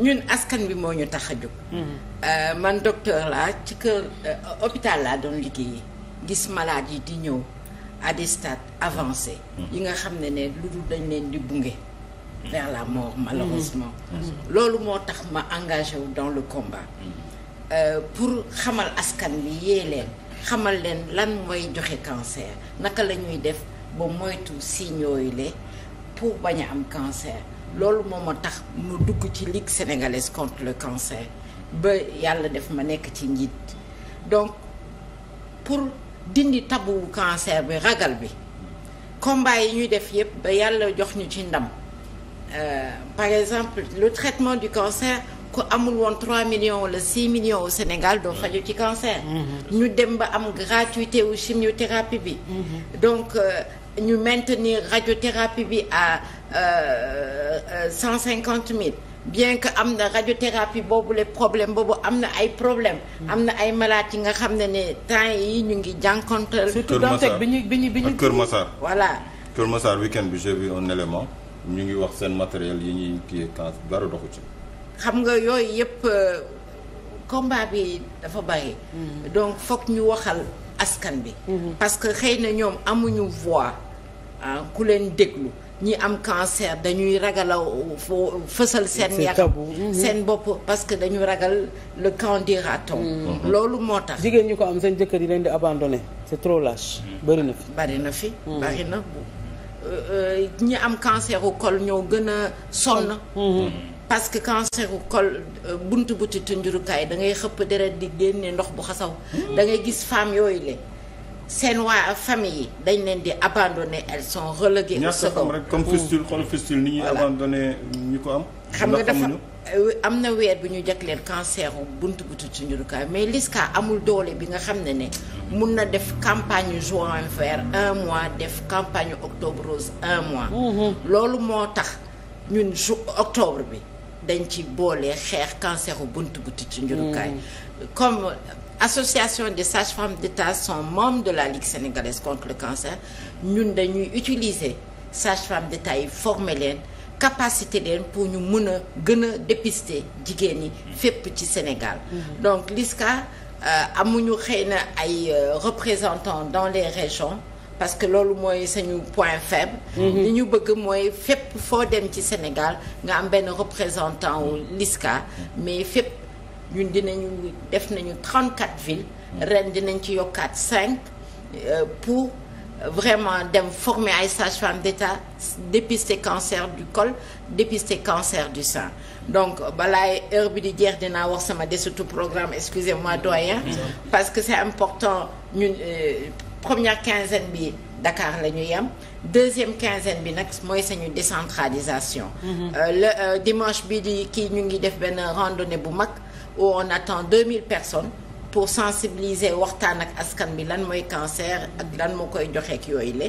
ñun askan bi moo ñu tax a jóg. Euh, man docteur laa ci kër euh, hôpital laa doon liggéey gis malade yi di ñëw à des stades mm. yi nga xam ne ne lu dul dañ leen di bunge. vers la mort mm. malheureusement. Mm. loolu moo tax ma engage wu dans le combat. Euh, pour xamal askan bi yee leen xamal leen lan mooy joxe cancer naka la ñuy def ba moytu signe yooyu le pour bañ a am cancer. loolu moom ma tax mu dugg ci ligue sénégalaise contre le cancer ba yàlla def ma nekk ci njiit donc pour dindi tabu cancer bi ragal bi combat yi ñuy def yépp ba yàlla jox ñu ci ndam euh, par exemple le traitement du cancer ku amul woon 3 millions wala 6 millions au Sénégal doo faju ci cancer mm-hmm. ñu dem ba am gratuité wu chimiothérapie bi mm-hmm. donc euh, ñu maintenir radiothérapie bi à euh, euh, cent cinquante mille bien que am na radiothérapie boobu le problème boobu am na ay problème am na ay malades yi nga xam ne ne temps yi ñu ngi jànkonteel. surtout Dantec bi ñu bi ñu bi ñu. Kër Massar voilà. Kër Massar weekend bi j'ai vu un élément ñu ngi wax seen matériel yi ñuy kii kan dara doxu ci. xam nga yooyu yëpp euh, combat bi dafa bari. Mm. donc foog ñu waxal askan bi. Mm-hmm. parce que xëy na ñoom amuñu voix. ah ku leen déglu ñi am cancer dañuy ragal a fo fësal seen yaram mhm. seen bopp parce que dañu ragal le camp de t on mhm. loolu moo tax jigéen ñi ko am seen jëkkër yi leen di abandonné c'est trop lâche bëri na fi bëri na mhm. na euh, euh, ñi am cancer u col ñoo gën a sonn parce que cancer u col euh, buntu buti tunjurukaay da ngay xëpp deret di génne ndox bu xasaw da ngay gis femme yooyu le seen waa famille yi dañ leen di abandonné elles sont reléguées au second rek comme fistule xool fistule ni ñuy abandonné ñu ko am xam nga dafa euh, am na weer bi ñu leen jagleel cancer buntu buntu ci njurukaay mais LISCA amul doole bi nga xam ne ne mun na def campagne juin vert un mois def campagne octobre rose un mois loolu moo tax ñun ju octobre bi dañ ci boole xeex cancer buntu buntu ci njurukaay comme association des sages-femmes d'État sont membres de la Ligue sénégalaise contre le cancer ñun dañuy utiliser sages-femmes d'État yi former leen capacité leen pour ñu mën a gën a dépister jigéen ñi fépp ci Sénégal mhm. donc LISCA euh, amuñu xëy na ay euh, représentants dans les régions parce que loolu mooy sañu point faible mhm. li ñu bëgg mooy fépp foo dem ci Sénégal nga am benn représentant wu LISCA mhm. mais fépp dina ñu def nañu trent 34 villes. Mm. ren dinañ ci yokkaat 5 euh, pour vraiment dem former ay sages-femmes d'État dépister cancer du col dépister cancer du sein donc balaay heure bi di jeex dinaa wax sama desitu programme excusez-moi mm. doyen. Mm. parce que c'est important ñun euh, première quinzaine bi Dakar la ñu yem. deuxième quinzaine bi nag mooy sañu décentralisation. Mm-hmm. Euh, le dimanche bi di kii ñu ngi def benn randonnée bu mag. où on attend mille personnes pour sensibiliser waxtaan ak askan bi lan mooy cancer ak lan moo koy joxe ak yooyu la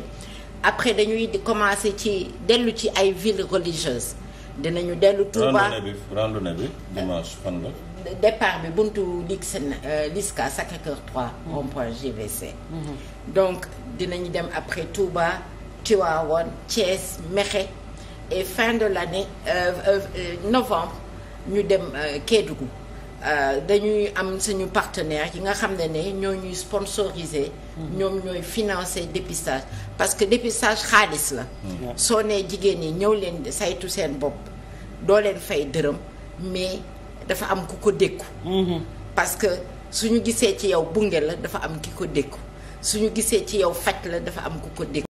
après dañuy commencer ci dellu ci ay villes religieuses dinañu dellu Touba randonnée bi randonnée bi dimanche fan la euh, départ bi buntu Lix euh, Lisca Sacré-Cœur 3 mm-hmm. donc dinañu dem après Touba Tivaouane Thiès Mekhe et fin de l'année euh, euh, euh novembre ñu dem Kédougou Euh, dañuy am suñu partenaire yi nga xam ne ne ñoo ñuy sponsorisé. ñoom ñooy financé dépistage parce que dépistage xaalis la. soo nee jigéen ñi ñëw leen saytu seen bopp doo leen fay dërëm mais dafa am ku ko dékku. Mm-hmm. parce que suñu gisee ci yow bunge la dafa am ki ko dékku suñu gisee ci yow faj la dafa am ku ko dékku.